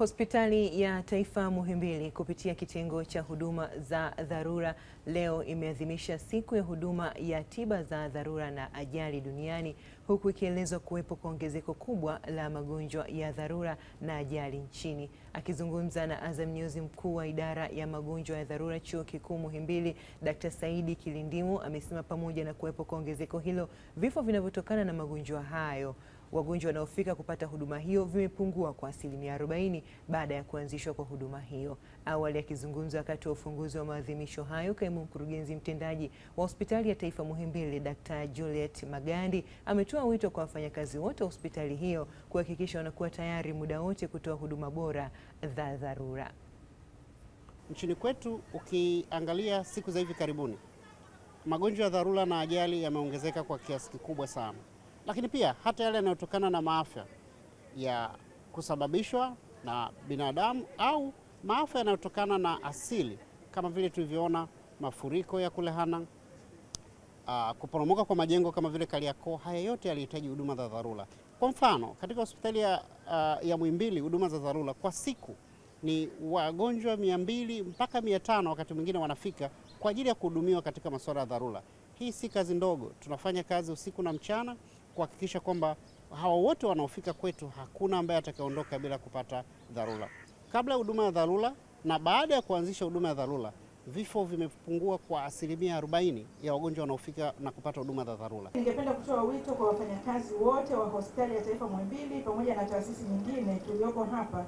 Hospitali ya Taifa Muhimbili kupitia kitengo cha huduma za dharura leo imeadhimisha siku ya huduma ya tiba za dharura na ajali duniani huku ikielezwa kuwepo kwa ongezeko kubwa la magonjwa ya dharura na ajali nchini. Akizungumza na Azam News, mkuu wa idara ya magonjwa ya dharura Chuo Kikuu Muhimbili, Dkt. Saidi kilindimu amesema pamoja na kuwepo kwa ongezeko hilo, vifo vinavyotokana na magonjwa hayo wagonjwa wanaofika kupata huduma hiyo vimepungua kwa asilimia 40 baada ya kuanzishwa kwa huduma hiyo. Awali akizungumza wakati wa ufunguzi wa maadhimisho hayo, kaimu mkurugenzi mtendaji wa hospitali ya taifa Muhimbili, Dr. Juliet Magandi ametoa wito kwa wafanyakazi wote wa hospitali hiyo kuhakikisha wanakuwa tayari muda wote kutoa huduma bora za dharura. Nchini kwetu ukiangalia siku za hivi karibuni, magonjwa ya dharura na ajali yameongezeka kwa kiasi kikubwa sana lakini pia hata yale yanayotokana na maafa ya kusababishwa na binadamu au maafa yanayotokana na asili kama vile tulivyoona mafuriko ya kule Hanang', uh, kuporomoka kwa majengo kama vile Kariakoo. Haya yote yalihitaji huduma za dharura. Kwa mfano katika hospitali ya, uh, ya Muhimbili huduma za dharura kwa siku ni wagonjwa mia mbili mpaka mia tano wakati mwingine wanafika kwa ajili ya kuhudumiwa katika masuala ya dharura. Hii si kazi ndogo, tunafanya kazi usiku na mchana kuhakikisha kwamba hawa wote wanaofika kwetu hakuna ambaye atakayeondoka bila kupata dharura. Kabla ya huduma ya dharura na baada ya kuanzisha huduma ya dharura, vifo vimepungua kwa asilimia 40 ya wagonjwa wanaofika na kupata huduma za dharura. Ningependa kutoa wito kwa wafanyakazi wote wa hospitali ya taifa Muhimbili pamoja na taasisi nyingine tulioko hapa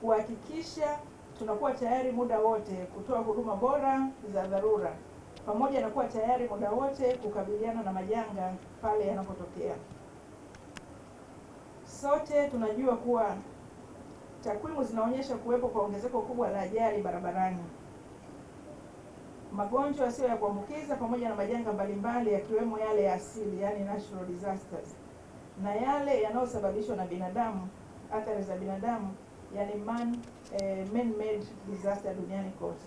kuhakikisha tunakuwa tayari muda wote kutoa huduma bora za dharura pamoja na kuwa tayari muda wote kukabiliana na majanga pale yanapotokea. Sote tunajua kuwa takwimu zinaonyesha kuwepo kwa ongezeko kubwa la ajali barabarani, magonjwa yasiyo ya kuambukiza pamoja na majanga mbalimbali yakiwemo yale ya asili, yani natural disasters, na yale yanayosababishwa na binadamu, athari za binadamu, yani man eh, man made disaster duniani kote.